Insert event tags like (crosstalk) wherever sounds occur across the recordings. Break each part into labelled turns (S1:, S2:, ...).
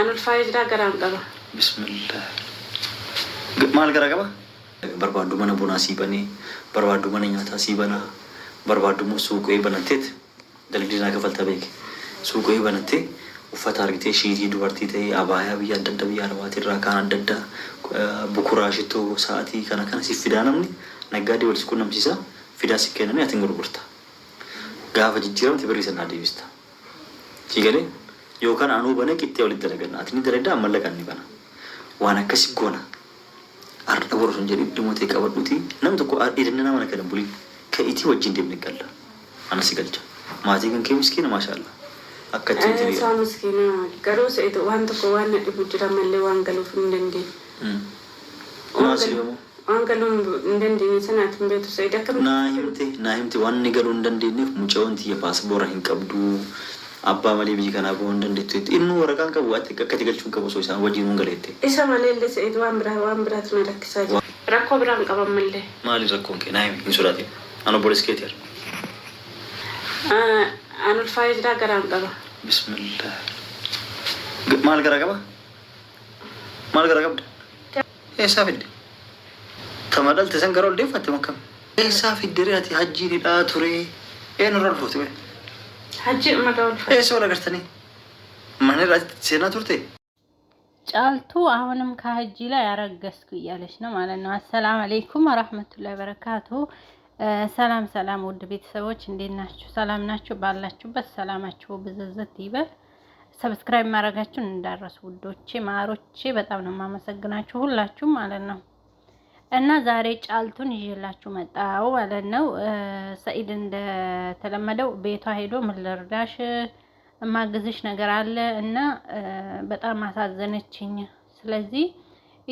S1: ಅನುಲ್ಫಾಯಿಜ್ಡ ಗರಾಂಕಬ
S2: ಬಿಸ್ಮಿಲ್ಲ ಮಾಲ್ ಗರಾಗಬ barbaadu mana bunaa sii banee barbaadu mana nyaataa sii banaa barbaadu immoo suuqee banatteet daldiinaa kafalta beeke suuqee banattee uffata argitee shiitii dubartii ta'ee abaayaa biyya adda addaa biyya arabaati irraa kaan adda addaa bukuraa shittoo sa'aatii kana kana si fidaa namni naggaadee walitti qunnamsiisa fidaa si kennanii ati gurgurta gaafa jijjiiramte birrii sannaa deebista. Siigalee yookaan anuu bane qixxee walitti ati ni atini darada ammallakaan ni bana waan akkasi goona arda boru sun jedhu dhimmoo ta'e qabadhuuti nam tokko hirina nama na hin buliin ka'itii itii wajjin deemne galla anas galcha maatii kan kee miskiina maashaalla akka ittiin jiru
S1: isaa miskiina garuu se'etu waan tokko waan na dhibu jira malee waan galuuf hin dandeenye. Waan galuu hin dandeenye sanaaf hin beektu se'etu akka.
S2: Naa himte naa himte waan inni galuu hin dandeenyeef mucaa wanti paaspoora hin qabdu abbaa malee biyyi kanaaf hunda dandeetteetti inni waraqaan qabu akkatti galchuun qabu osoo isaan wajjin hungalee
S1: isa malee illee se'eet waan biraa waan biraatu na lakkisaa jira rakkoo biraan qaban mallee
S2: maali rakkoon kee naayim hin sodaatin an obbolees keeti
S1: jira an ulfaa'ee jira garaan qaba
S2: bismillah maal garaa qaba maal garaa qabda eessaa fidde tama dhalte san gara ol deeffatte makkam eessaa fidde re'ati hajjiin hidhaa ture eenyurra dhufuuti
S1: ሰው ጫልቱ አሁንም ከሀጂ ላይ አረገዝኩ እያለች ነው ማለት ነው። አሰላም አሌይኩም ወራህመቱላሂ በረካቱ። ሰላም ሰላም፣ ውድ ቤተሰቦች እንዴት ናችሁ? ሰላም ናችሁ? ባላችሁበት ሰላማችሁ ብዝዝት ይበል። ሰብስክራይብ ማድረጋችሁን እንዳረሱ ውዶቼ፣ ማሮቼ፣ በጣም ነው የማመሰግናችሁ ሁላችሁም ማለት ነው። እና ዛሬ ጫልቱን ይዤላችሁ መጣው ማለት ነው። ሰኢድ እንደተለመደው ቤቷ ሄዶ ምን ልርዳሽ፣ ነገር አለ እና በጣም አሳዘነችኝ። ስለዚህ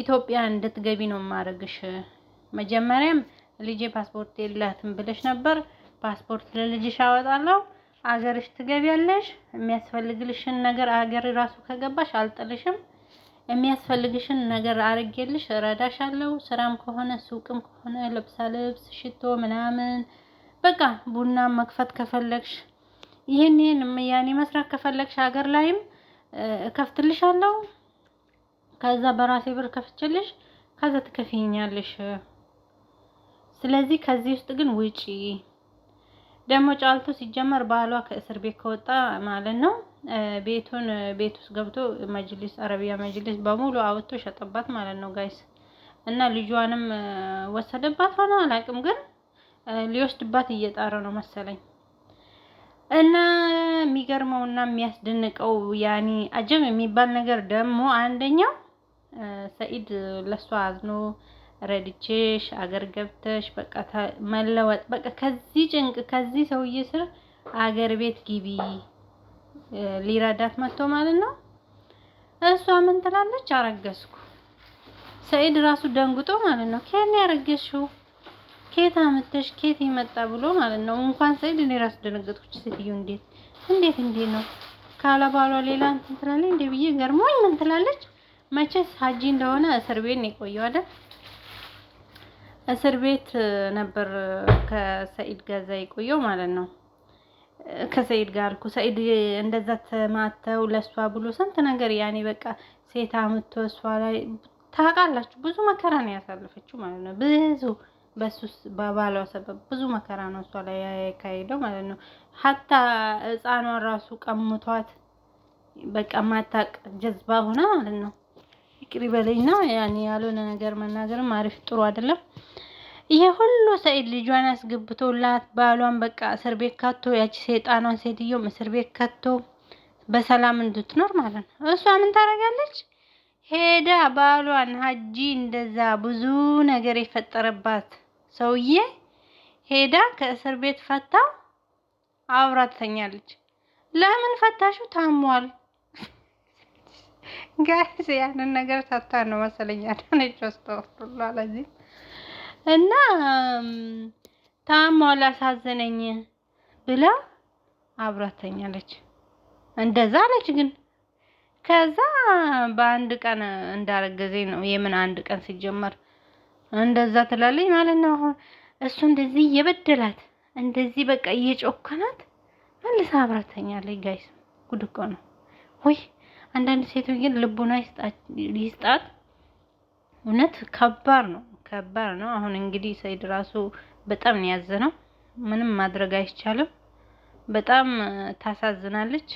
S1: ኢትዮጵያ እንድትገቢ ነው የማደርግሽ። መጀመሪያም ልጄ ፓስፖርት የላትም ብለሽ ነበር። ፓስፖርት ለልጅሽ አወጣለሁ፣ አገርሽ ትገቢያለሽ። የሚያስፈልግልሽን ነገር አገር ራሱ ከገባሽ አልጥልሽም የሚያስፈልግሽን ነገር አርጌልሽ እረዳሻለሁ። ስራም ከሆነ ሱቅም ከሆነ ልብሳ ልብስ፣ ሽቶ ምናምን በቃ ቡና መክፈት ከፈለግሽ ይህንን ያኔ መስራት ከፈለግሽ ሀገር ላይም እከፍትልሻለሁ። ከዛ በራሴ ብር ከፍችልሽ፣ ከዛ ትከፍይኛለሽ። ስለዚህ ከዚህ ውስጥ ግን ውጪ። ደግሞ ጫልቱ ሲጀመር ባሏ ከእስር ቤት ከወጣ ማለት ነው ቤቱን ቤት ውስጥ ገብቶ መጅሊስ አረቢያ መጅሊስ በሙሉ አውጥቶ ሸጠባት ማለት ነው ጋይስ። እና ልጇንም ወሰደባት ሆነ አላውቅም፣ ግን ሊወስድባት እየጣረ ነው መሰለኝ። እና የሚገርመው እና የሚያስደንቀው ያኔ አጀም የሚባል ነገር ደግሞ አንደኛው ሰኢድ ለሷ አዝኖ ረድቼሽ አገር ገብተሽ በቃ መለወጥ በቃ ከዚህ ጭንቅ ከዚህ ሰውዬ ስር አገር ቤት ግቢ ሊረዳት መጥቶ ማለት ነው። እሷ ምን ትላለች? አረገዝኩ። ሰኢድ ራሱ ደንግጦ ማለት ነው። ከየት ነው ያረገዝሽው? መተሽ አመተሽ? ከየት ይመጣ ብሎ ማለት ነው። እንኳን ሰኢድ እኔ ራሱ ደነገጥኩች። ሴትዮ እንዴት እንዴት እንዴት ነው ካለ ባሏ ሌላ እንትን ትላለች እንዴ ብዬ ገርሞኝ ምን ትላለች? መቼስ ሀጂ እንደሆነ እስር ቤት ነው የቆየው አይደል? እስር ቤት ነበር ከሰኢድ ጋዛ የቆየው ማለት ነው። ከሰይድ ጋር እኮ ሰይድ እንደዛ ተማተው ለእሷ ብሎ ስንት ነገር ያኔ በቃ ሴት አምቶ እሷ ላይ ታውቃላችሁ፣ ብዙ መከራ ነው ያሳለፈችው ማለት ነው። ብዙ በሱ በባሏ ሰበብ ብዙ መከራ ነው እሷ ላይ ያካሄደው ማለት ነው። ሀታ ሕፃኗን ራሱ ቀምቷት በቃ ማታቅ ጀዝባ ሆና ማለት ነው። ይቅር ይበለኝና ያኔ ያልሆነ ነገር መናገርም አሪፍ ጥሩ አይደለም። ይሄ ሁሉ ሰኢድ ልጇን አስገብቶላት ባሏን በቃ እስር ቤት ከቶ ያቺ ሰይጣኗን ሴትዮም እስር ቤት ከቶ በሰላም እንድትኖር ማለት ነው። እሷ ምን ታደርጋለች? ሄዳ ባሏን ሀጂ እንደዛ ብዙ ነገር የፈጠረባት ሰውዬ ሄዳ ከእስር ቤት ፈታ አብራ ትተኛለች። ለምን ፈታሹ ታሟል (laughs) ጋይስ ያንን ነገር ሰታ ነው መሰለኝ ያዳነች ወስተወፍቱላ ለዚህ እና ታማው ላሳዘነኝ ብላ አብራተኛለች። እንደዛ አለች ግን ከዛ በአንድ ቀን እንዳረገዘኝ ነው። የምን አንድ ቀን ሲጀመር እንደዛ ትላለች ማለት ነው። አሁን እሱ እንደዚህ እየበደላት እንደዚህ በቃ እየጮከናት መልሳ አብራተኛለች። ጋይስ ጉድ እኮ ነው ወይ? አንዳንድ ሴቶች ግን ልቡና ይስጣት። እውነት ከባድ ነው። ከባድ ነው። አሁን እንግዲህ ሰይድ ራሱ በጣም ነው ያዘነው። ምንም ማድረግ አይቻልም። በጣም ታሳዝናለች።